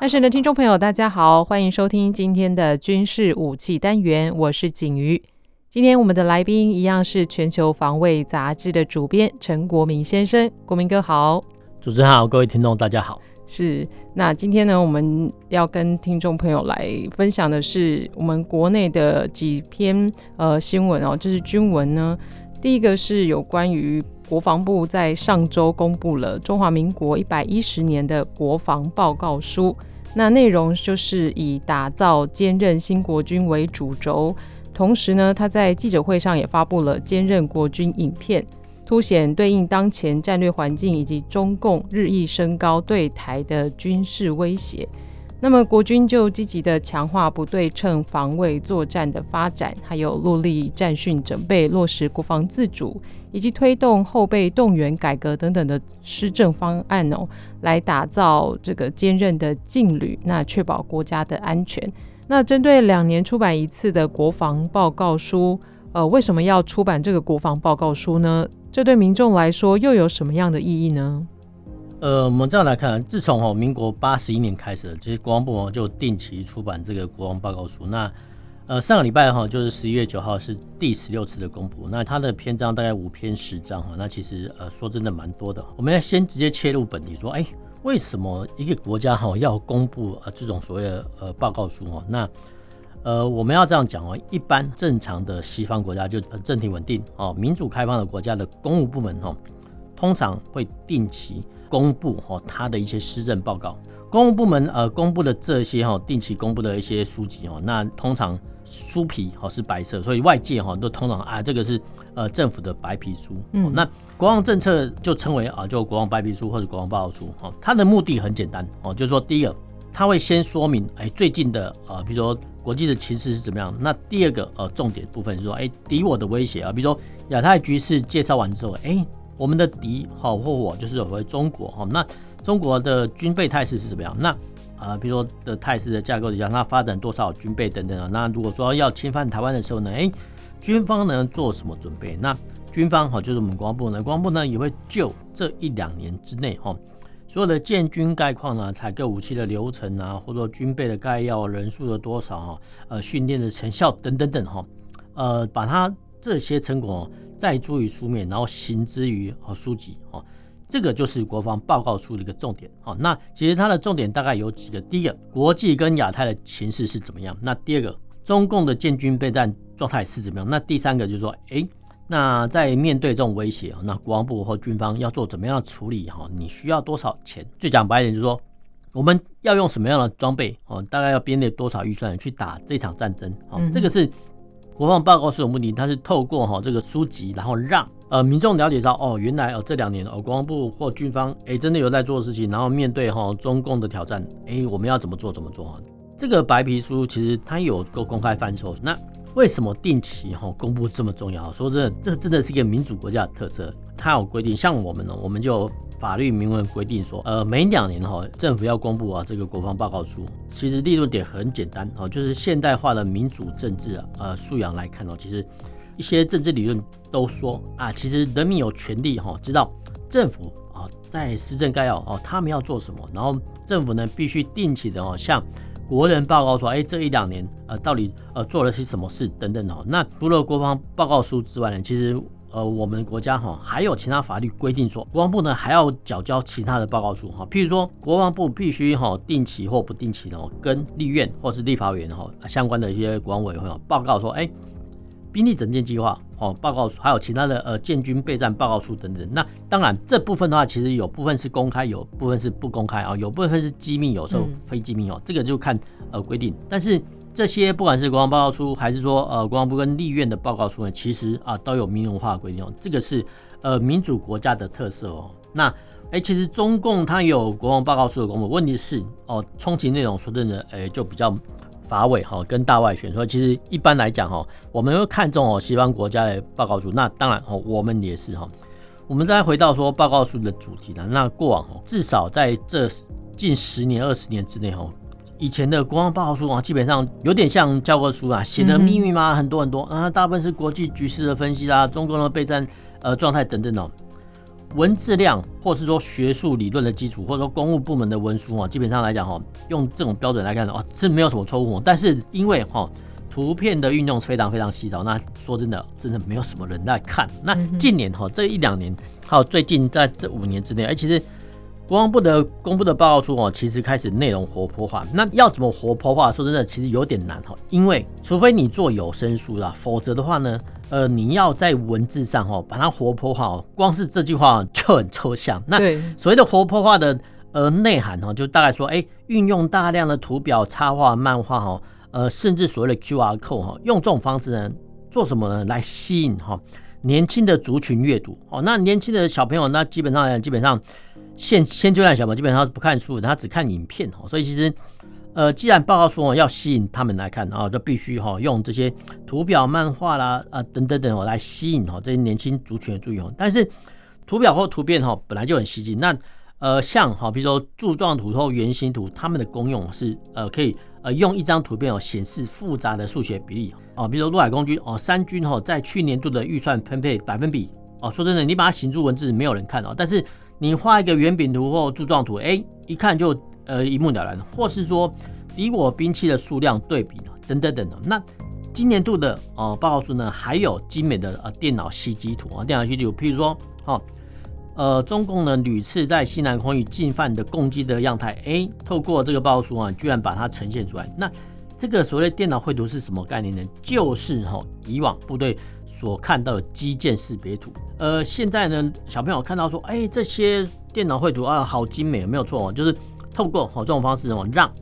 漢聲的聽眾朋友，大家好，歡迎收聽今天的軍事武器單元，我是景瑜。今天我們的來賓一樣是《全球防衛雜誌》的主編陳國銘先生，國銘哥好，主持人好，各位聽眾大家好。是，那今天呢，我們要跟聽眾朋友來分享的是我們國內的幾篇呃新聞哦，就是軍文呢。第一個是有關於國防部在上周公布了中華民國一百一十年的國防報告書。那內容就是以打造堅韌新國軍為主軸，同時呢，他在記者會上也發布了堅韌國軍影片，凸顯對應當前戰略環境以及中共日益升高對台的軍事威脅。那麼，國軍就積極的強化不對稱防衛作戰的發展，還有戮力戰訓準備，落實國防自主。以及推動後備動員改革等等的施政方案哦，來打造這個堅韌的勁旅，那確保國家的安全。那針對兩年出版一次的國防報告書，呃，為什麼要出版這個國防報告書呢？這對民眾來說又有什麼樣的意義呢？呃，我們再來看，自從哦民國八十一年開始，其實國防部門就定期出版這個國防報告書。那呃，上個禮拜哈，就是十一月九號是第十六次的公布，那它的篇章大概五篇十章哈，那其實呃說真的蠻多的。我們要先直接切入本題說，哎、欸，為什麼一個國家哈要公布呃這種所謂的呃報告書啊？那呃我們要這樣講哦，一般正常的西方國家就呃政體穩定哦，民主開放的國家的公務部門哈，通常會定期。公布哈，他的一些施政報告，公務部門呃公布的這些哈，定期公布的一些書籍哈，那通常書皮哈是白色，所以外界哈都通常啊這個是呃政府的白皮書，嗯，那國防政策就稱為啊就國防白皮書或者國防報告書哈，它的目的很簡單哦，就是說，第一個，他會先說明哎最近的呃，比如說國際的情勢是怎麼樣，那第二個呃重點部分是說哎敵我的威脅啊，比如說亞太局勢介紹完之後，哎。我們的敵，好或我，就是為中國，好，那中國的軍備態勢是什麼樣？那啊、呃，比如說的態勢的架構底下，它發展多少軍備等等啊？那如果說要侵犯台灣的時候呢？哎，軍方呢做什麼準備？那軍方好，就是我們國防部呢，國防部呢也會就這一兩年之內哈，所有的建軍概況呢，採購武器的流程啊，或者說軍備的概要、人數的多少啊，呃，訓練的成效等等等哈，呃，把它。這些成果再出於書面，然後行之於和書籍、哦，這個就是國防報告書的一個重點、哦，那其實它的重點大概有幾個：第一個，國際跟亞太的形勢是怎麼樣；那第二個，中共的建軍備戰狀態是怎麼樣；那第三個就是說，哎、欸，那在面對這種威脅、哦，那國防部或軍方要做怎麼樣的處理？哈、哦，你需要多少錢？最講白一點就是說，我們要用什麼樣的裝備、哦？大概要編列多少預算去打這場戰爭？嗯哦、這個是。國防報告是有目的，它是透過哈這個書籍，然後讓呃民眾了解到哦，原來哦這兩年哦國防部或軍方、欸、真的有在做事情，然後面對哈、哦、中共的挑戰、欸，我們要怎麼做怎麼做哈。這個白皮書其實它有個公開範疇，那為什麼定期哈、哦、公布這麼重要？說真的，這真的是一個民主國家的特色，它有規定，像我們呢，我們就。法律明文規定說，呃，每兩年哈、哦，政府要公布啊這個國防報告書。其實立論點很簡單啊、哦，就是現代化的民主政治、啊、呃素養來看、哦、其實一些政治理論都說啊，其實人民有權利哈、哦、知道政府啊、哦、在施政概要哦，他們要做什麼，然後政府呢必須定期的哦向國人報告說，哎，這一兩年呃到底呃做了些什麼事等等哦。那除了國防報告書之外呢，其實。呃，我們國家哈還有其他法律規定說，國防部呢還要繳交其他的報告書哈，譬如說，國防部必須哈定期或不定期的哦跟立院或是立法委員哈相關的一些國防委員會報告說，哎、欸，兵力整建計劃哦，報告還有其他的呃建軍備戰報告書等等。那當然這部分的話，其實有部分是公開，有部分是不公開啊，有部分是機密，有時候非機密哦、嗯，這個就看呃規定，但是。這些不管是國防報告書，還是說呃國防部跟立院的報告書呢，其實啊、呃、都有明文化規定哦，這個是呃民主國家的特色哦。那哎、欸，其實中共它有國防報告書的功能，問題是哦，充其內容說真的，哎、欸、就比較乏味哈、哦，跟大外宣，所以其實一般來講哈、哦，我們會看中哦西方國家的報告書，那當然哦我們也是哈、哦。我們再回到說報告書的主題呢，那過往、哦、至少在這近十年、二十年之內哦。以前的國防報告書啊，基本上有點像教科書啊，寫的密密麻麻，很多很多，那、啊、大部分是國際局勢的分析啊，中國的備戰呃狀態等等哦、喔。文字量，或是說學術理論的基礎，或者說公務部門的文書啊、喔，基本上來講哈、喔，用這種標準來看哦、喔，是沒有什麼錯誤。但是因為哈、喔，圖片的運用非常非常稀少，那說真的，真的沒有什麼人在看。那近年哈、喔，這一兩年還有最近在這五年之內，而、欸、其實。國防部的公布的報告書哦，其實開始內容活潑化。那要怎麼活潑化？說真的，其實有點難哈。因為除非你做有聲書啦，否則的話呢，呃，你要在文字上哈把它活潑化哦。光是這句話就很抽象。那所謂的活潑化的呃內涵哈，就大概說，哎、欸，運用大量的圖表、插畫、漫畫哈，呃，甚至所謂的 QR code 哈，用這種方式呢，做什麼呢？來吸引哈年輕的族群閱讀哦。那年輕的小朋友，那基本上基本上。現，現階段小朋友，基本上是不看書的，他只看影片哦。所以其實，呃，既然報告說要吸引他們來看，然後就必須哈用這些圖表、漫畫啦，啊、呃、等等等哦來吸引哈這些年輕族群的注意。但是圖表或圖片哈本來就很吸睛。那呃，像哈，比如說柱狀圖或圓形圖，它們的功用是呃可以呃用一張圖片哦顯示複雜的數學比例哦，比如陸海空軍哦，三軍哈在去年度的預算分配百分比哦。說真的，你把它寫入文字，沒有人看哦。但是你畫一個圓餅圖或柱狀圖，哎、欸，一看就呃一目了然。或是說敵我兵器的數量對比等等等等。那今年度的呃報告書呢，還有精美的呃電腦 CG 圖啊，電腦 CG 圖，譬如說哦呃中共呢屢次在西南空域進犯的攻擊的樣態，哎、欸，透過這個報告書啊，居然把它呈現出來。那這個所謂電腦繪圖是什麼概念呢？就是哈以往部隊。所看到的基建識別圖，呃，現在呢，小朋友看到說，哎、欸，這些電腦繪圖啊、呃，好精美，沒有錯哦，就是透過好這種方式哦，讓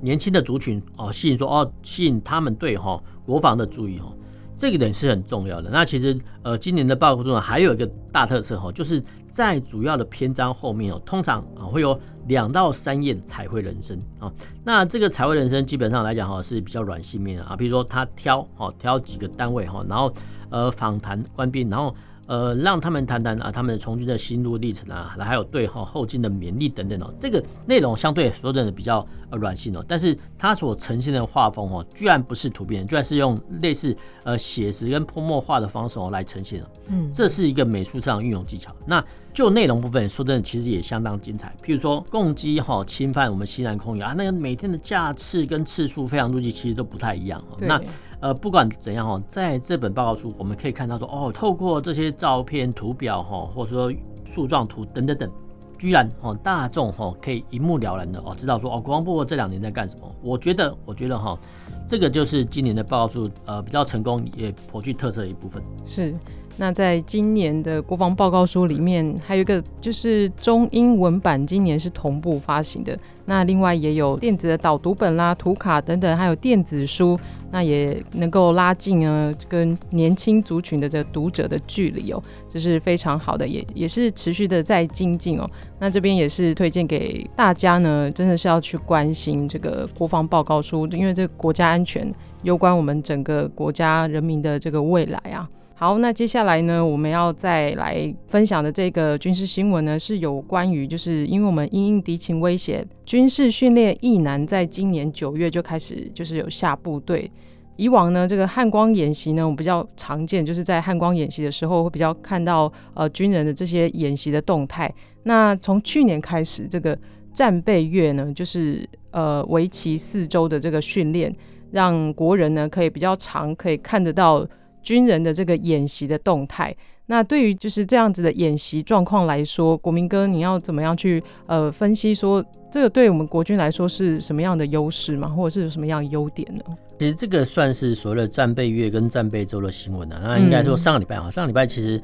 年輕的族群哦，吸引說哦，吸引他們對哈、哦、國防的注意哦。這個點是很重要的。那其實，呃，今年的報告中啊，還有一個大特色哈、哦，就是在主要的篇章後面哦，通常啊、哦、會有兩到三頁的彩繪人生啊、哦。那這個彩繪人生基本上來講哈、哦、是比較軟性面的啊，比如說他挑哦挑幾個單位哈，然後呃訪談官兵，然後。呃呃，讓他們談談啊，他們從軍的心路歷程啊，還有對後進的勉勵等等哦、喔，這個內容相對說真的比較呃軟性哦、喔，但是它所呈現的畫風哦、喔，居然不是圖片，居然是用類似呃寫實跟潑墨畫的方式哦、喔、來呈現的，嗯，這是一個美術上運用技巧。那就內容部分說真的，其實也相當精彩。譬如說共機哈侵犯我們西南空域啊，那個每天的架次跟次數非常多，其實都不太一樣、喔。那呃，不管怎樣哈，在這本報告書，我們可以看到說，哦，透過這些照片、圖表哈，或者說樹狀圖等等等，居然哈，大眾哈可以一目了然的哦，知道說哦，國防部這兩年在幹什麼。我覺得，我覺得哈、哦，這個就是今年的報告書呃比較成功也頗具特色的一部分。是，那在今年的國防報告書裡面，還有一個就是中英文版，今年是同步發行的。那另外也有電子的導讀本啦、圖卡等等，還有電子書。那也能夠拉近呢跟年輕族群的這個讀者的距離哦，這是非常好的，也也是持續的在精進哦。那這邊也是推薦給大家呢，真的是要去關心這個國防報告書，因為這個國家安全攸關我們整個國家人民的這個未來啊。好，那接下來呢，我們要再來分享的這個軍事新聞呢，是有關於就是因為我們因應敵情威脅，軍事訓練亦難，在今年九月就開始就是有下部隊。以往呢，這個漢光演習呢，我們比較常見，就是在漢光演習的時候會比較看到呃軍人的這些演習的動態。那從去年開始，這個戰備月呢，就是呃為期四周的這個訓練，讓國人呢可以比較常可以看得到，軍人的這個演習的動態，那對於就是這樣子的演習狀況來說，國銘哥，你要怎麼樣去呃分析說這個對我們國軍來說是什麼樣的優勢嗎，或者是有什麼樣的優點呢？其實這個算是所謂的戰備月跟戰備周的新聞呢、啊。那應該說上個禮拜啊，上個禮拜其實。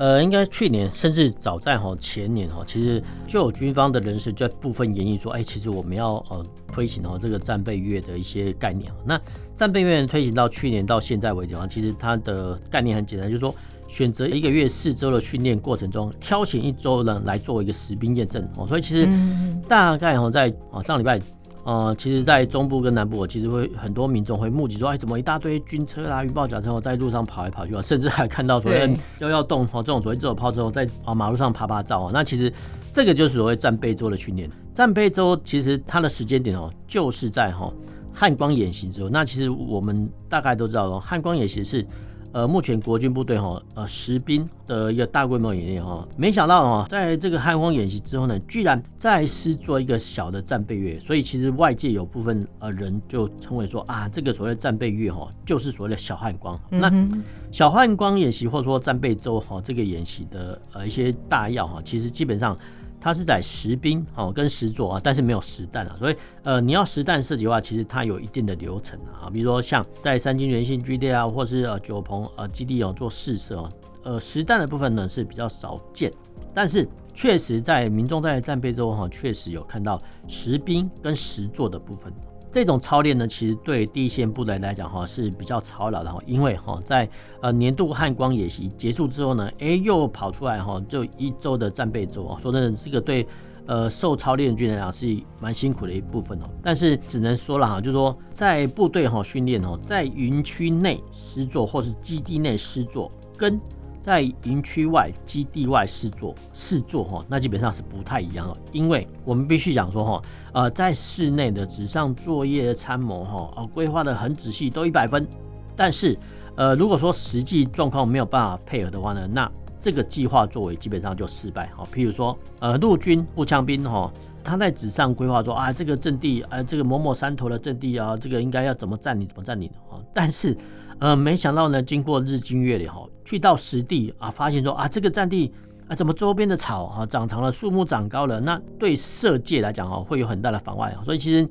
呃，應該去年甚至早在哈前年哈，其實就有軍方的人士在部分研議說，哎、欸，其實我們要呃推行哦這個戰備月的一些概念。那戰備月推行到去年到現在為止，哈，其實它的概念很簡單，就是說，選擇一個月四周的訓練過程中，挑選一周呢來做一個實兵驗證。哦，所以其實大概哈在啊上禮拜。呃，其實，在中部跟南部，我其實會很多民眾會目擊說，哎，怎麼一大堆軍車啦、雲豹甲車我在路上跑來跑去啊，甚至還看到說幺幺洞哦這種所謂自走炮之後在啊馬路上啪啪照啊。那其實這個就是所謂戰備週的訓練。戰備週其實它的時間點哦，就是在哈漢光演習之後。那其實我們大概都知道嘍，漢光演習是。呃，目前國軍部隊哈，呃，實兵的一個大規模演練哈，沒想到啊，在這個漢光演習之後呢，居然再次做一個小的戰備月，所以其實外界有部分呃人就稱為說啊，這個所謂戰備月哈，就是所謂的小漢光。那小漢光演習或者說戰備周哈，這個演習的呃一些大要哈，其實基本上。它是在實兵哦，跟實作啊，但是沒有實彈啊，所以呃，你要實彈射擊的話，其實它有一定的流程啊，比如說像在三軍聯訓基地啊，或是呃九鵬呃基地有做試射，呃，實彈的部分呢是比較少見，但是確實在民眾在戰備中哈，確實有看到實兵跟實作的部分。這種操練呢，其實對第一線部隊來講哈是比較操勞的，因為哈在呃年度漢光演習結束之後呢，誒又跑出來哈，就一周的戰備周啊，說真的，這個對呃受操練的軍人啊是蠻辛苦的一部分哦。但是只能說了哈，就說在部隊哈訓練哦，在營區內施作或是基地內施作跟。在營區外、基地外試作、試做哈，那基本上是不太一樣的，因為我們必須講說哈，呃，在室內的紙上作業、參謀哈，啊，規劃的很仔細，都一百分，但是，呃，如果說實際狀況沒有辦法配合的話呢，那這個計劃作為基本上就失敗啊。譬如說，呃，陸軍步槍兵哈。呃他在紙上規劃說啊，這個陣地啊，這個某某山頭的陣地啊，這個應該要怎麼占領，怎麼占領啊？但是，呃，沒想到呢，經過日積月累哈，去到實地啊，發現說啊，這個陣地啊，怎麼周邊的草哈、啊、長長了，樹木長高了，那對射界來講啊，會有很大的妨礙啊，所以其實。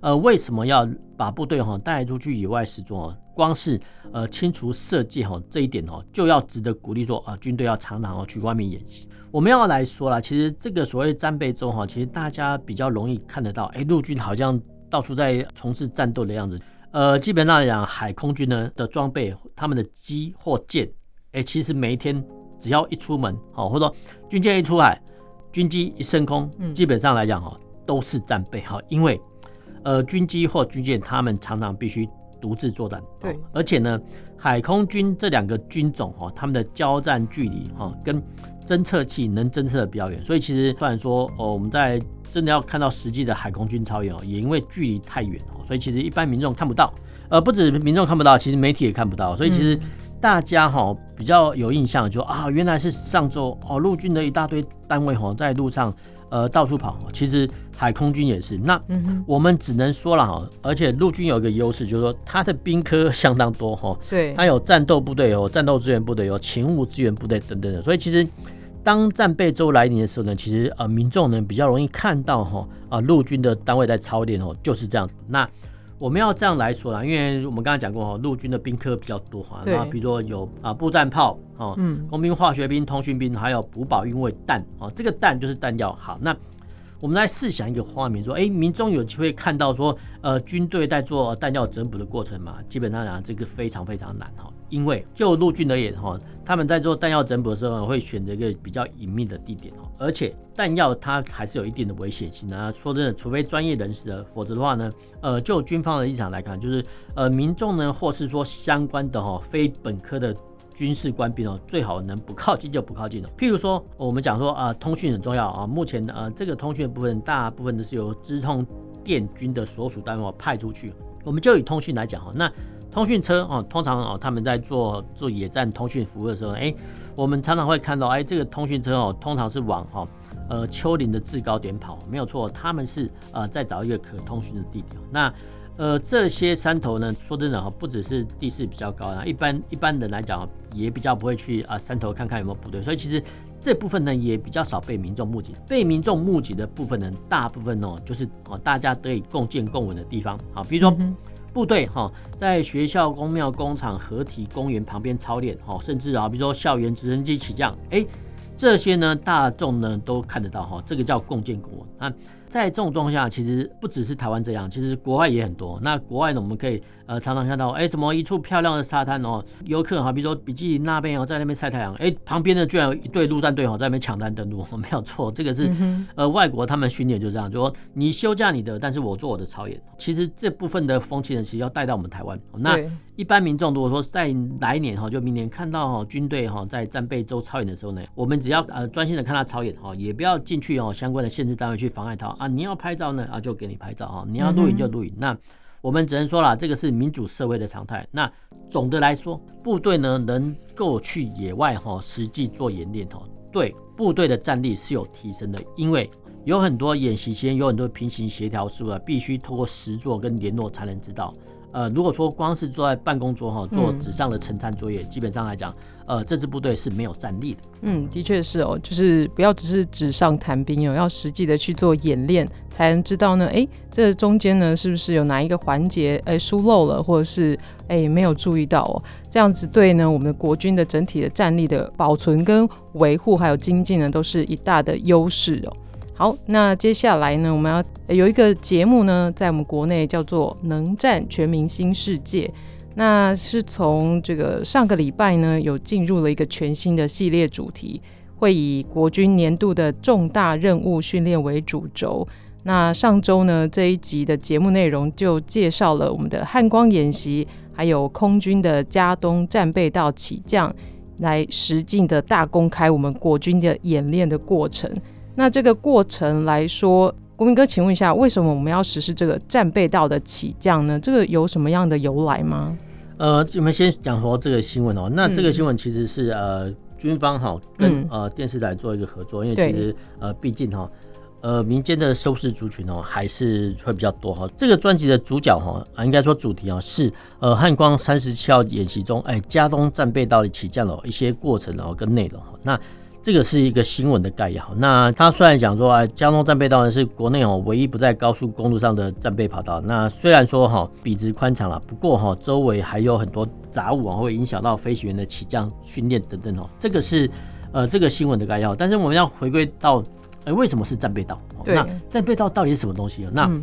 呃，為什麼要把部隊哈帶出去野外實裝哦？光是呃清除設計哈這一點哦，就要值得鼓勵說啊、呃，軍隊要常常哦去外面演習。我們要來說啦，其實這個所謂戰備中哈，其實大家比較容易看得到，哎、欸，陸軍好像到處在從事戰鬥的樣子。呃，基本上來講，海空軍呢的裝備，他們的機或艦，哎、欸，其實每一天只要一出門，好或者說軍艦一出海，軍機一升空、嗯，基本上來講哦，都是戰備哈，因為。呃，軍機或軍艦，他們常常必須獨自作戰。對，而且呢，海空軍這兩個軍種哈，他們的交戰距離哈，跟偵測器能偵測的比較遠，所以其實雖然說哦，我們在真的要看到實際的海空軍超越，哦，也因為距離太遠哦，所以其實一般民眾看不到，呃，不止民眾看不到，其實媒體也看不到，所以其實大家哈、嗯、比較有印象，就啊，原來是上週哦，陸軍的一大堆單位哦在路上。呃，到處跑，其實海空軍也是。那，我們只能說了哈，而且陸軍有一個優勢，就是說他的兵科相當多。對。他有戰鬥部隊，有戰鬥支援部隊，有勤務支援部隊等等的。所以其實，當戰備周來臨的時候呢，其實呃民眾呢比較容易看到哈啊陸軍的單位在操練哦，就是這樣。那。我們要這樣來說啦，因為我們剛才講過哦，陸軍的兵科比較多哈、啊，那比如說有啊步戰炮啊、哦嗯，工兵、化學兵、通訊兵，還有補保運衛彈啊，這個彈就是彈藥。好，那。我們來試想一個畫面，說，哎，民眾有機會看到說，呃，軍隊在做彈藥整補的過程嘛？基本上啊，這個非常非常難哈，因為就陸軍而言哈，哦，他們在做彈藥整補的時候，會選擇一個比較隱秘的地點哈，而且彈藥它還是有一定的危險性啊。說真的，除非專業人士的，否則的話呢，呃，就軍方的立場來看，就是，呃，民眾呢，或是說相關的哈，非本科的。軍事官兵哦，最好能不靠近就不靠近、哦、譬如說，我們講說啊、呃，通訊很重要啊。目前呢、呃，這個通訊的部分大部分都是由資通電軍的所屬單位派出去。我們就以通訊來講哈，那通訊車哦、啊，通常哦，他們在做做野戰通訊服務的時候，哎、欸，我們常常會看到哎、欸，這個通訊車哦，通常是往哈呃丘陵的制高點跑，沒有錯，他們是呃在找一個可通訊的地點。那呃，這些山頭呢，說真的哈、哦，不只是地勢比較高啊，一般一般人來講、哦、也比較不會去啊山頭看看有沒有部隊，所以其實這部分呢也比較少被民眾目擊。被民眾目擊的部分呢，大部分哦就是啊大家得以共見共聞的地方啊，比如說部隊哈、哦，在學校、宮廟、工廠、河堤、公園旁邊操練哈、哦，甚至啊、哦，比如說校園直升機起降，哎，這些呢大眾呢都看得到哈、哦，這個叫共見共聞。在這種狀況下，其實不只是台灣這樣，其實國外也很多。那國外呢，我們可以呃常常看到，哎、欸，怎麼一處漂亮的沙灘哦，遊客哈，比如說比基尼那邊哦，在那邊曬太陽，哎、欸，旁邊的居然有一隊陸戰隊哦，在那邊搶灘登陸，沒有錯，這個是、嗯、呃外國他們訓練就這樣，就是、說你休假你的，但是我做我的操演。其實這部分的風氣呢，其實要帶到我們台灣。那一般民眾如果說在來年哈，就明年看到軍隊哈在戰備週操演的時候呢，我們只要呃專心的看他操演哈，也不要進去哦相關的限制單位去妨礙他。啊，你要拍照呢，啊就給你拍照啊；你要錄影就錄影，嗯嗯。那我們只能說了，這個是民主社會的常態。那總的來說，部隊呢能夠去野外哈，實際做演練哈，對部隊的戰力是有提升的，因為有很多演習間，有很多平行協調是不是必須透過實作跟聯絡才能知道。呃，如果說光是坐在辦公桌哈做紙上的陳談作業，嗯，基本上來講，呃，這支部隊是沒有戰力的。嗯，的確是哦，就是不要只是紙上談兵哦，要實際的去做演練，才能知道呢。哎，這中間呢，是不是有哪一個環節哎疏漏了，或者是哎沒有注意到哦？這樣子對呢，我們國軍的整體的戰力的保存跟維護，還有精進呢，都是一大的優勢哦。好，那接下來呢，我們要有一個節目呢，在我們國內叫做《能戰全民新視界》，那是從這個上個禮拜呢，有進入了一個全新的系列主題，會以國軍年度的重大任務訓練為主軸。那上週呢，這一集的節目內容就介紹了我們的漢光演習，還有空軍的佳冬戰備道起降，來實境的大公開我們國軍的演練的過程。那這個過程來說，國銘哥，請問一下，為什麼我們要實施這個戰備道的起降呢？這個有什麼樣的由來嗎？呃，我們先講說這個新聞哦。那這個新聞其實是呃軍方哈跟呃電視台做一個合作，嗯、因為其實呃畢竟哈呃民間的收視族群哦還是會比較多哈。這個專輯的主角哈啊，應該說主題啊是呃漢光三十七號演習中哎佳冬戰備道的起降的一些過程然後跟內容哈。那這個是一個新聞的概要。那他雖然講說啊，佳冬戰備道呢是國內哦唯一不在高速公路上的戰備跑道。那雖然說哈、哦，筆直寬敞了，不過哈、哦，周圍還有很多雜物啊，會影響到飛行員的起降訓練等等哦。這個是呃這個新聞的概要。但是我們要回歸到，哎，為什麼是戰備道？對，那戰備道到底是什麼東西？那、嗯、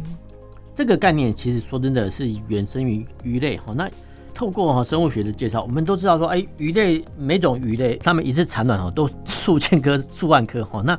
這個概念其實說真的是原生於魚類，哈、哦、那。透過哈生物學的介紹，我們都知道說，哎、欸，魚類每種魚類它們一次產卵哦，都數千顆、數萬顆哈，那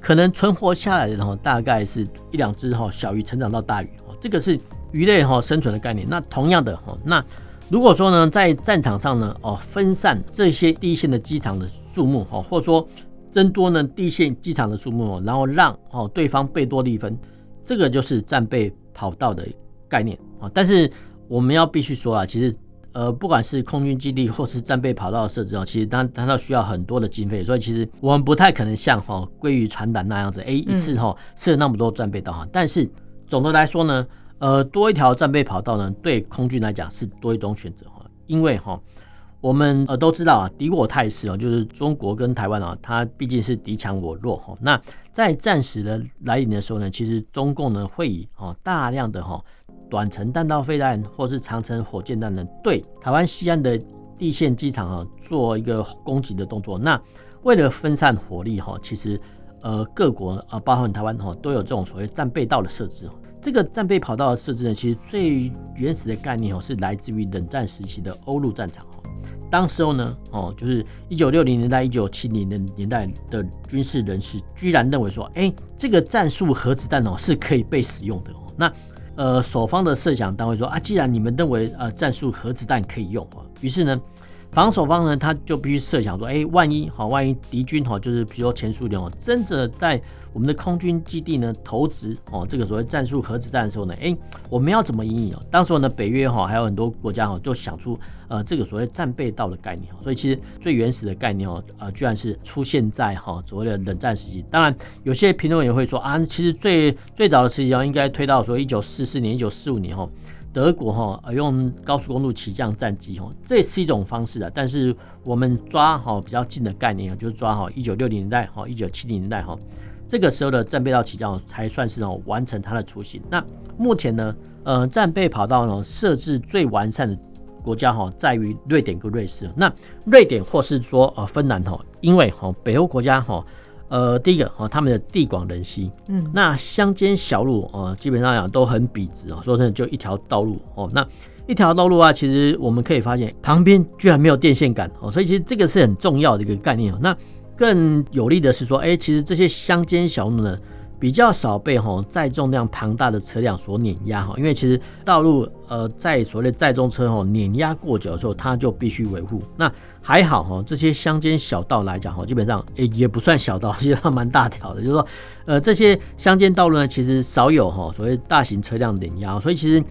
可能存活下來的哈，大概是一兩隻哈，小魚成長到大魚哦，這個是魚類哈生存的概念。那同樣的哈，那如果說呢，在戰場上呢哦，分散這些第一線的機場的數目哈，或者說增多呢第一線機場的數目，然後讓哦對方備多力分，這個就是戰備跑道的概念啊，但是。我們要必須說啊，其實，呃，不管是空軍基地或是戰備跑道的設置，其實它它都需要很多的經費，所以其實我們不太可能像哈歸於傳達那樣子，欸、一次哈設那麼多戰備道、嗯。但是總的來說呢，呃，多一條戰備跑道呢，對空軍來講是多一種選擇哈，因為哈我們呃都知道啊，敵我態勢哦，就是中國跟台灣啊，它畢竟是敵強我弱哈。那在戰時的來臨的時候呢，其實中共呢會以大量的哈。短程彈道飛彈或是長程火箭彈呢，對台灣西岸的地線機場啊，做一個攻擊的動作。那為了分散火力哈，其實呃各國啊，包含台灣哈，都有這種所謂戰備道的設置。這個戰備跑道的設置呢，其實最原始的概念哦，是來自於冷戰時期的歐陸戰場。當時候呢哦，就是一九六零年代、一九七零年代的軍事人士，居然認為說，哎，這個戰術核子彈哦是可以被使用的。那呃，守方的設想單位說啊，既然你們認為呃戰術核子彈可以用啊，於是呢。防守方呢，他就必須設想說，哎、欸，萬一哈，萬一敵軍哈，就是比如說前蘇聯哦，真的在我們的空軍基地呢投擲哦，這個所謂戰術核子彈的時候呢，哎、欸，我們要怎麼引哦，當時呢，北約哈還有很多國家哈，就想出呃，這個所謂戰備道的概念哦。所以其實最原始的概念哦，呃，居然是出現在哈所謂的冷戰時期。當然，有些評論也會說啊，其實最最早的時期應該推到說一九四四年、一九四五年哈。德國哈用高速公路起降戰機哦，這是一種方式的。但是我們抓好比較近的概念啊，就是抓好一九六零年代哈、一九七零年代哈，這個時候的戰備道起降才算是完成它的雛形。那目前呢，呃，戰備跑道呢設置最完善的國家哈，在於瑞典跟瑞士。那瑞典或是說呃芬蘭哈，因為哈北歐國家哈。呃，第一個哦，他們的地廣人稀，嗯，那鄉間小路哦，基本上講都很筆直啊，說真的就一條道路哦，那一條道路啊，其實我們可以發現旁邊居然沒有電線杆哦，所以其實這個是很重要的一個概念啊。那更有利的是說，哎、欸，其實這些鄉間小路呢。比較少被哈載重量龐大的車輛所碾壓哈，因為其實道路呃在所謂的載重車哈碾壓過久的時候，它就必須維護。那還好哈，這些鄉間小道來講哈，基本上誒、欸、也不算小道，其實還蠻大條的。就是說，呃這些鄉間道路呢，其實少有哈所謂大型車輛碾壓，所以其實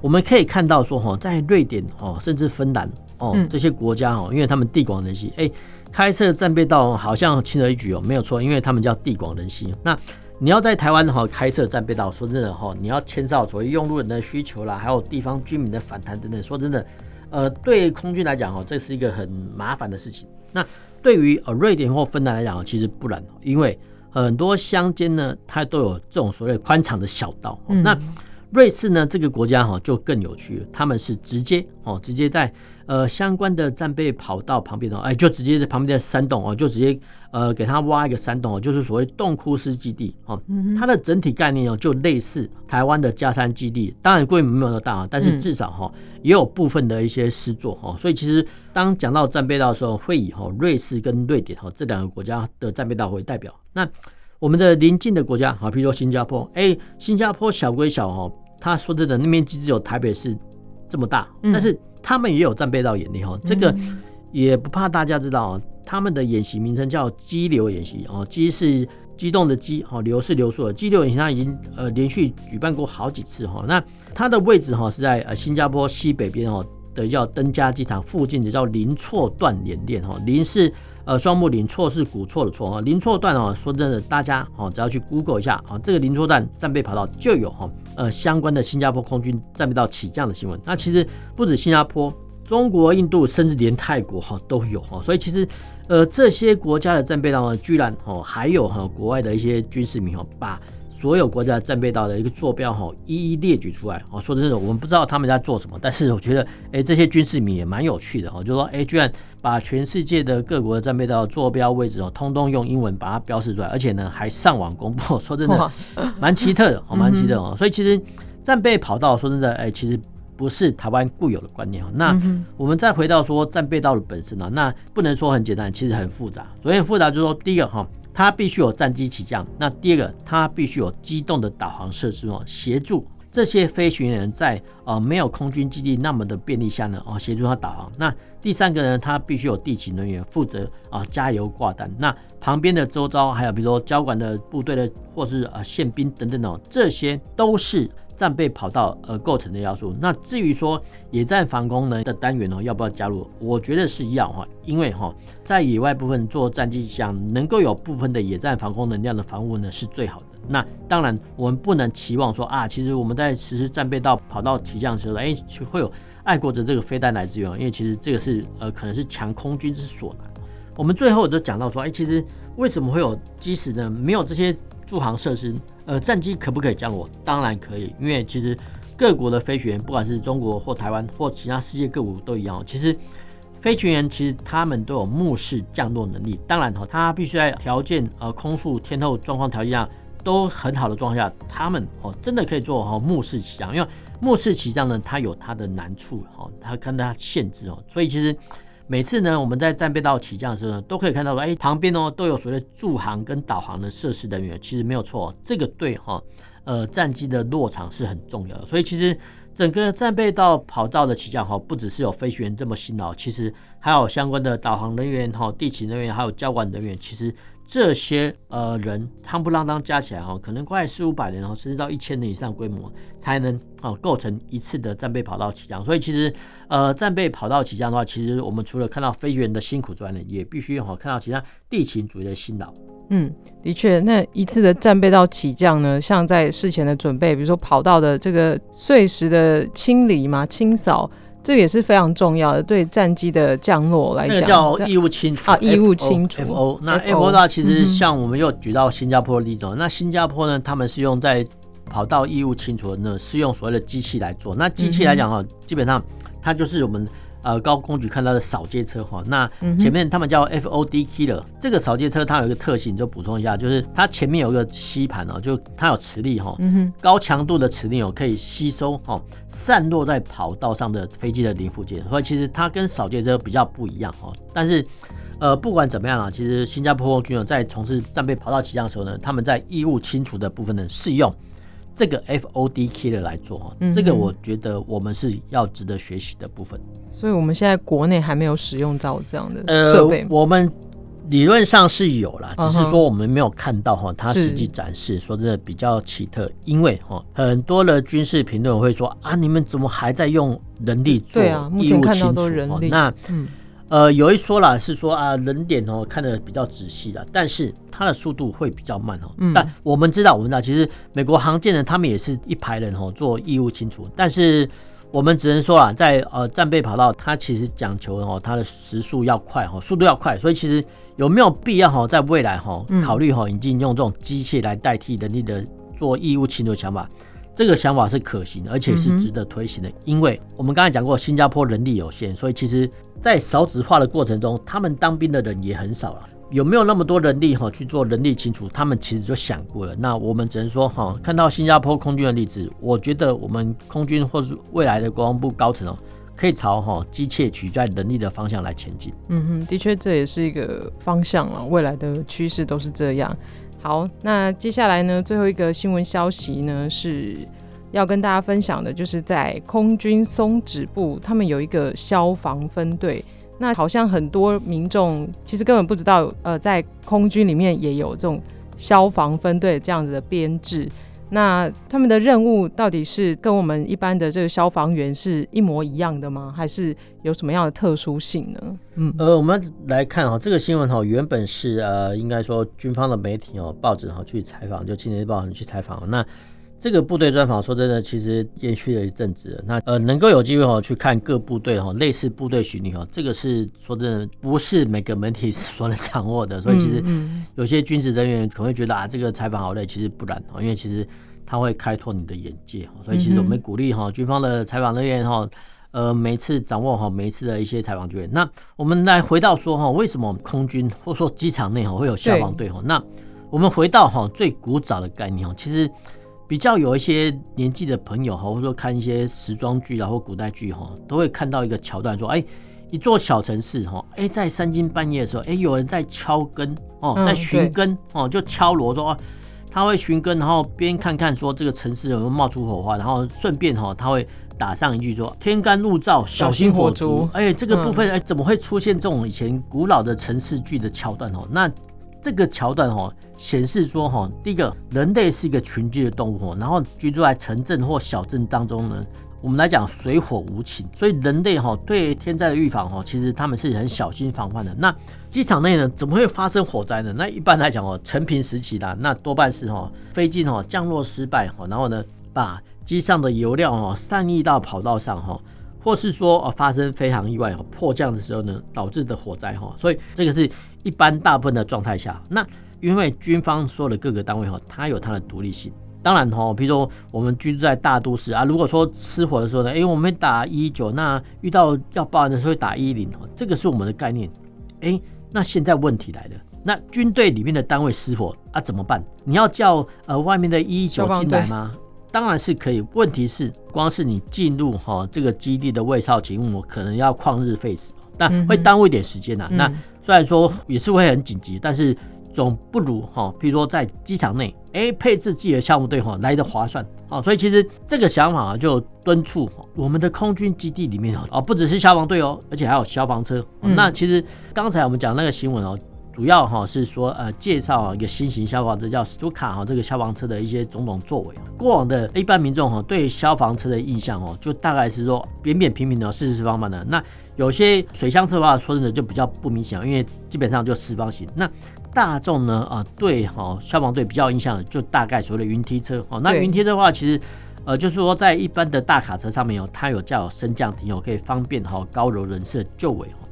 我們可以看到說哈，在瑞典哦，甚至芬蘭哦、嗯、這些國家哦，因為他們地廣人稀，誒、欸、開車戰備道好像輕而易舉哦，沒有錯，因為他們叫地廣人稀。那你要在台灣哈開設戰備道，說真的哈，你要牽涉所謂用路人的需求啦，還有地方居民的反彈等等。說真的，呃，對空軍來講哈，這是一個很麻煩的事情。那對於呃瑞典或芬蘭來講，其實不然，因為很多鄉間呢，它都有這種所謂寬敞的小道、嗯。那瑞士呢，這個國家哈就更有趣，他們是直接哦，直接在呃相關的戰備跑道旁邊的，哎，就直接在旁邊的山洞哦，就直接。呃，給他挖一個山洞哦，就是所謂洞窟式基地哦。嗯。它的整體概念哦，就類似台灣的佳山基地。當然規模沒有那麼大，但是至少哈也有部分的一些詩作哈、嗯。所以其實當講到戰備道的時候，會以哈瑞士跟瑞典哈這兩個國家的戰備道為代表。那我們的鄰近的國家哈，比如說新加坡，哎，新加坡小歸小哦，他說的的面積只有台北市這麼大，但是他們也有戰備道演練哈。這個也不怕大家知道。他們的演習名稱叫“激流演習”哦，激是激動的激哦，流是流速的，激流演習，它已經呃連續舉辦過好幾次哈。那它的位置哈是在呃新加坡西北邊哦的叫登嘉機場附近的叫林厝段演練哈。林是呃雙木林，厝是古厝的厝啊。林厝段啊，說真的，大家哦只要去 Google 一下啊，這個林厝段戰備跑道就有哈呃相關的新加坡空軍戰備道起降的新聞。那其實不止新加坡，中國、印度，甚至連泰國哈都有哈，所以其實，呃，這些國家的戰備道居然哦，還有哈，國外的一些軍事迷哈，把所有國家戰備道的一個坐標哈一一列舉出來。哦，說真的，我們不知道他們在做什麼，但是我覺得，哎，這些軍事迷也蠻有趣的哦，就是說，哎，居然把全世界的各國的戰備道坐標位置哦，通通用英文把它標示出來，而且呢，還上網公布。說真的，蠻奇特的，哦，蠻奇特哦。所以其實，戰備跑道，說真的，哎，其實。不是台灣固有的觀念。那我們再回到說戰備道的本身呢，那不能說很簡單，其實很複雜。所以很複雜就是說，第一個哈，它必須有戰機起降；那第二個，它必須有機動的導航設施哦，協助這些飛行員在啊，沒有空軍基地那麼的便利下呢，啊，協助他導航。那第三個呢，他必須有地勤人員負責啊加油掛彈。那旁邊的周遭還有比如說交管的部隊的，或是啊憲兵等等哦，這些都是。戰備跑道呃構成的要素，那至於說野戰防空能的單元呢，要不要加入？我覺得是要哈，因為哈在野外部分做戰機，想能夠有部分的野戰防空能量的防務呢，是最好的。那當然我們不能期望說啊，其實我們在實施戰備道跑道起降的時候，哎、欸、會有愛國者這個飛彈來支援，因為其實這個是呃可能是強空軍之所難。我們最後都講到說，哎、欸，其實為什麼會有即使呢？沒有這些。助航設施，呃，戰機可不可以降落？當然可以，因為其實各國的飛行員，不管是中國或台灣或其他世界各國都一樣。其實飛行員其實他們都有目視降落能力。當然哈，他必須在條件呃空速、天候狀況條件下都很好的狀況下，他們哦真的可以做哈目視起降。因為目視起降呢，它有它的難處哈，它跟它限制哦，所以其實。每次呢，我們在戰備道起降的時候呢，都可以看到說，哎、欸，旁邊呢都有所謂助航跟導航的設施人員。其實沒有錯，這個對哈，呃，戰機的落場是很重要的。所以其實整個戰備道跑道的起降哈，不只是有飛行員這麼辛勞，其實還有相關的導航人員哈、地勤人員，還有交管人員，其實。這些呃人，夯不啷當加起來哈，可能快四五百年，哦，甚至到一千年以上規模，才能哦構成一次的戰備跑道起降。所以其實，呃，戰備跑道起降的話，其實我們除了看到飛行員的辛苦之外呢，也必須哦看到其他地勤主力的辛勞。嗯，的確，那一次的戰備道起降呢，像在事前的準備，比如說跑道的這個碎石的清理嘛，清掃。這個也是非常重要的，對戰機的降落來講，那個叫異物清除啊，異物清除。那 F O 的話，其實像我們又舉到新加坡的例子，那新加坡呢，他們是用在跑道異物清除呢，是用所謂的機器來做。那機器來講啊，基本上它就是我們。呃，高空局看到的掃街車哈，那前面他們叫 F O D Killer，、嗯、這個掃街車它有一個特性，就補充一下，就是它前面有一個吸盤哦，就它有磁力哈，高強度的磁力哦，可以吸收哦，散落在跑道上的飛機的零附件，所以其實它跟掃街車比較不一樣哦。但是，呃，不管怎麼樣啊，其實新加坡空軍哦，在從事戰備跑道起降的時候呢，他們在異物清除的部分呢，使用。這個 FODK 的來做哈、嗯，這個我覺得我們是要值得學習的部分。所以，我們現在國內還沒有使用到這樣的設備、呃。我們理論上是有啦，只是說我們沒有看到哈，它實際展示。說真的，比較奇特，因為哈，很多的軍事評論會說啊，你們怎麼還在用人力，做力、嗯？對啊，目前看到都人力。那嗯。呃，有一說啦，是說啊，人點哦、喔、看的比較仔細啦，但是它的速度會比較慢哦、喔。嗯。但我們知道，我們知道，其實美國航艦呢，他們也是一排人哦、喔、做異物清除，但是我們只能說啊，在呃戰備跑道，它其實講求哦、喔、它的時速要快哈、喔，速度要快，所以其實有沒有必要哈在未來哈考慮哈、喔嗯、引進用這種機器來代替人力的做異物清除的想法？這個想法是可行，而且是值得推行的，嗯、因為我們剛才講過，新加坡人力有限，所以其實，在少子化的過程中，他們當兵的人也很少，有沒有那麼多人力哈去做人力清除？他們其實就想過了。那我們只能說哈，看到新加坡空軍的例子，我覺得我們空軍或是未來的國防部高層哦，可以朝哈機械取代人力的方向來前進。嗯哼，的確這也是一個方向啊，未來的趨勢都是這樣。好，那接下來呢？最後一個新聞消息呢，是要跟大家分享的，就是在空軍松指部，他們有一個消防分隊。那好像很多民眾其實根本不知道，呃，在空軍裡面也有這種消防分隊這樣子的編制。那他們的任務到底是跟我們一般的這個消防員是一模一樣的嗎？還是有什麼樣的特殊性呢？嗯，呃，我們來看哈，這個新聞哈，原本是呃、啊，應該說軍方的媒體哦，報紙哈去採訪，就《青年日報》去採訪，那。這個部隊專訪，說真的，其實延續了一陣子。那呃，能夠有機會哈去看各部隊哈，類似部隊巡禮哈，這個是說真的，不是每個媒體所能掌握的。所以其實有些軍職人員可能會覺得啊，這個採訪好累。其實不然哦，因為其實他會開拓你的眼界。所以其實我們鼓勵哈軍方的採訪人員哈，呃，每次掌握好每一次的一些採訪機會。那我們來回到說哈，為什麼空軍或者說機場內哈會有消防隊哈？那我們回到哈最古早的概念哦，其實。比較有一些年紀的朋友哈，或者說看一些時裝劇啊或古代劇哈，都會看到一個橋段說，說、欸、哎，一座小城市哈，哎、欸，在三更半夜的時候，哎、欸，有人在敲更哦、喔，在巡更哦，就敲鑼說，啊、他會巡更，然後邊看看說這個城市有沒有冒出火花，然後順便哈，他會打上一句說天乾物燥，小心火燭。哎、嗯欸，這個部分哎、欸，怎麼會出現這種以前古老的城市劇的橋段哦？那。這個橋段哈顯示說哈，第一個人類是一個群居的動物，然後居住在城鎮或小鎮當中呢。我們來講水火無情，所以人類哈對天災的預防哈，其實他們是很小心防範的。那機場內呢，怎麼會發生火災呢？那一般來講哦，承平時期啦，那多半是哈飛機哈降落失敗哈，然後呢把機上的油料哈散溢到跑道上哈，或是說哦，發生非常意外哦迫降的時候呢導致的火災哈，所以這個是。一般大部分的狀態下，那因為軍方說的各個單位哈、哦，它有它的獨立性。當然哈、哦，譬如說我們居住在大都市啊，如果說失火的時候呢，哎、欸，我們打一一九，那遇到要報案的時候會打一一零，這個是我們的概念、欸。那現在問題來了，那軍隊裡面的單位失火啊怎麼辦？你要叫呃外面的一一九進來嗎？當然是可以。問題是，光是你進入哈、哦、這個基地的衛哨勤務可能要曠日費時，但會耽誤一點時間啊。嗯、那、嗯雖然說也是會很緊急，但是總不如哈，譬如說在機場內，哎，配置自己的消防隊哈來得划算啊。所以其實這個想法啊，就敦促我們的空軍基地裡面哦，啊，不只是消防隊哦，而且還有消防車。嗯、那其實剛才我們講那個新聞哦，主要哈是說呃，介紹一個新型消防車叫 Stuka 哈，這個消防車的一些種種作為。過往的一般民眾哈對消防車的印象哦，就大概是說扁扁平平的、四四方方的那。有些水箱車的話，說真的就比較不明顯，因為基本上就四方形。那大眾呢，啊、呃，對，哈、喔，消防隊比較印象的就大概所謂的雲梯車。哦、喔，那雲梯的話，其實，呃，就是說在一般的大卡車上面哦、喔，它有叫升降梯，哦、喔，可以方便哈、喔、高樓人士的就位哦，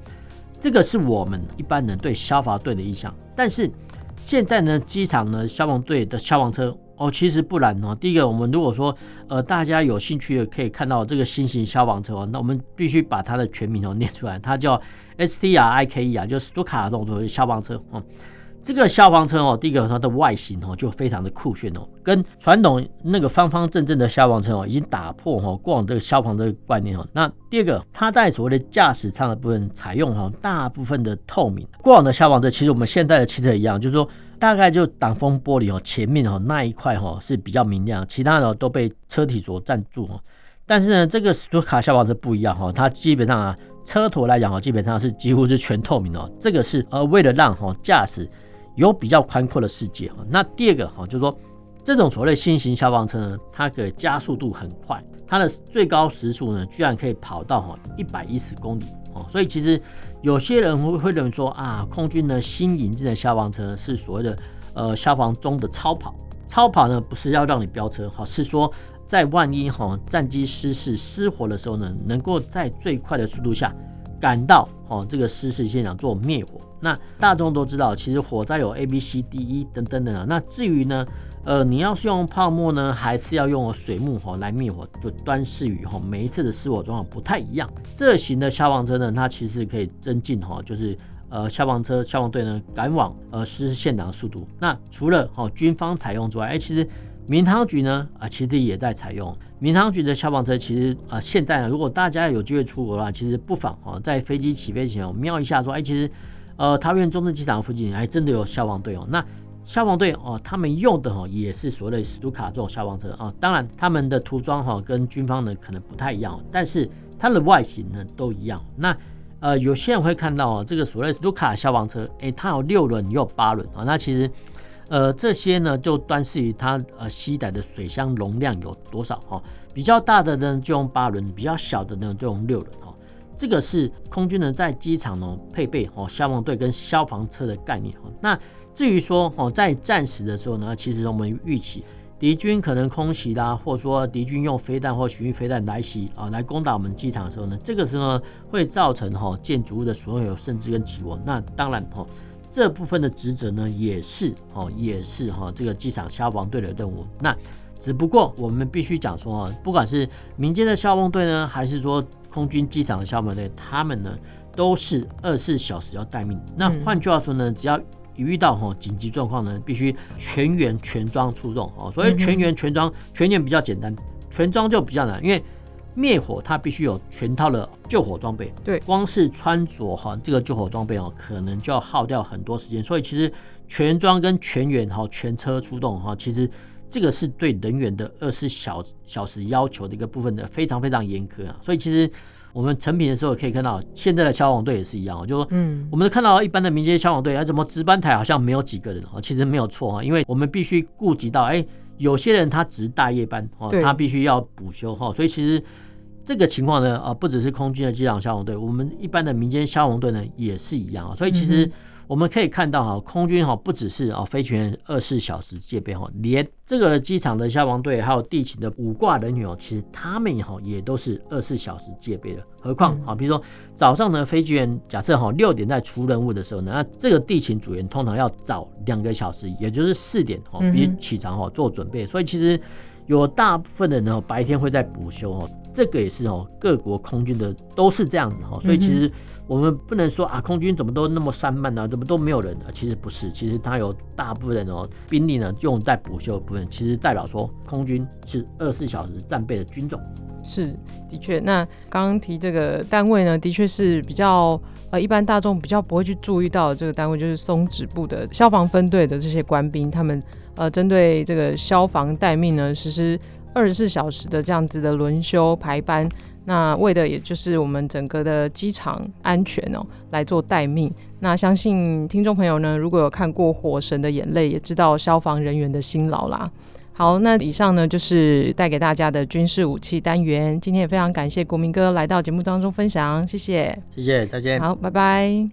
這個是我們一般人對消防隊的印象。但是現在呢，機場呢消防隊的消防車。哦，其實不然哦。第一個，我們如果說，呃，大家有興趣的可以看到這個新型消防車哦，那我們必須把它的全名哦念出來，它叫 S T R I K E 啊，就是斯圖卡的動作消防車。哦。這個消防車哦，第一個它的外形哦就非常的酷炫哦，跟傳統那個方方正正的消防車哦已經打破哈過往這個消防車觀念哦。那第二個，它在所謂的駕駛艙的部分採用哈大部分的透明，過往的消防車其實我們現在的汽車一樣，就是說。大概就擋風玻璃哦，前面哦那一塊哈是比較明亮，其他的都被車體所占住啊。但是呢，這個斯圖卡消防車不一樣哈，它基本上啊車頭來講哦，基本上是幾乎是全透明的。這個是呃為了讓哈駕駛有比較寬闊的視界啊。那第二個哈就是說，這種所謂新型消防車呢，它的加速度很快，它的最高時速呢居然可以跑到哈一百一十公里。所以其實有些人會會認為說啊，空軍呢新引進的消防車是所謂的呃消防中的超跑。超跑呢不是要讓你飆車哈，是說在萬一哈、哦、戰機失事失火的時候呢，能夠在最快的速度下趕到哦這個失事現場做滅火。那大眾都知道，其實火災有 A B C D E 等等等等。那至於呢，呃，你要是用泡沫呢，還是要用水幕哈來滅火，就端視於哈，每一次的失火狀況不太一樣。這型的消防車呢，它其實可以增進哈，就是呃消防車消防隊呢趕往呃失事現場的速度。那除了哦軍方採用之外，哎、欸，其實民航局呢啊、呃，其實也在採用民航局的消防車。其實啊、呃，現在呢，如果大家有機會出國的話，其實不妨啊在飛機起飛前瞄一下說、說、欸、哎，其實呃桃園中正機場附近哎真的有消防隊哦。那消防隊哦，他們用的哈也是所謂的斯圖卡這種消防車啊、哦。當然，他們的塗裝哈跟軍方呢可能不太一樣，但是它的外形呢都一樣。那呃，有些人會看到啊，這個所謂的斯圖卡消防車，哎、欸，它有六輪，也有八輪啊。那其實呃，這些呢就端視於它呃攜帶的水箱容量有多少哈、哦。比較大的呢就用八輪，比較小的呢就用六輪啊。這個是空軍呢在機場呢配備哦消防隊跟消防車的概念哈、哦。那至於說哦，在戰時的時候呢，其實我們預期敵軍可能空襲啦，或者說敵軍用飛彈或巡弋飛彈來襲啊、哦，來攻打我們機場的時候呢，這個時候呢會造成哈、哦、建築物的所有甚至跟起火。那當然哦，這部分的職責呢，也是哦，也是哈、哦、這個機場消防隊的任務。那只不過我們必須講說哦，不管是民間的消防隊呢，還是說空軍機場的消防隊，他們呢都是二十四小時要待命。那換句話說呢，嗯、只要一遇到哈緊急狀況呢，必須全員全裝出動哦。所以全員全裝，嗯嗯全員比較簡單，全裝就比較難，因為滅火它必須有全套的救火裝備。對，光是穿着哈這個救火裝備哦，可能就要耗掉很多時間。所以其實全裝跟全員哈全車出動哈，其實這個是對人員的二十四小時要求的一個部分的，非常非常嚴苛啊。所以其實。我們成品的時候可以看到，現在的消防隊也是一樣啊，就說，嗯，我們都看到一般的民間消防隊，啊，怎麼值班台好像沒有幾個人哦，其實沒有錯啊，因為我們必須顧及到，哎，有些人他值大夜班哦，他必須要補休哈，所以其實這個情況呢，啊，不只是空軍的機場消防隊，我們一般的民間消防隊呢也是一樣啊，所以其實。我們可以看到哈，空軍哈不只是啊飛行員二十四小時戒備哈，連這個機場的消防隊還有地勤的武掛人員，其實他們哈也都是二十四小時戒備的。何況哈，比如說早上呢，飛機員假設哈六點在出任務的時候呢，那這個地勤組員通常要早兩個小時，也就是四點哈，必須起床哈做準備。所以其實有大部分的人白天會在補休。這個也是哦，各國空軍的都是這樣子哈、哦，所以其實我們不能說啊，空軍怎麼都那麼散漫呢、啊？怎麼都沒有人、啊、其實不是，其實它有大部分的、哦、兵力呢用在補修部分，其實代表說空軍是二十四小時戰備的軍種。是的確，那剛剛提這個單位呢，的確是比較呃，一般大眾比較不會去注意到的這個單位，就是松指部的消防分隊的這些官兵，他們呃，針對這個消防待命呢，實施。二十四小時的這樣子的輪休排班，那為的也就是我們整個的機場安全哦、喔，來做待命。那相信聽眾朋友呢，如果有看過《火神的眼淚》，也知道消防人員的辛勞啦。好，那以上呢就是帶給大家的軍事武器單元。今天也非常感謝國銘哥來到節目當中分享，謝謝，謝謝，再見，好，拜拜。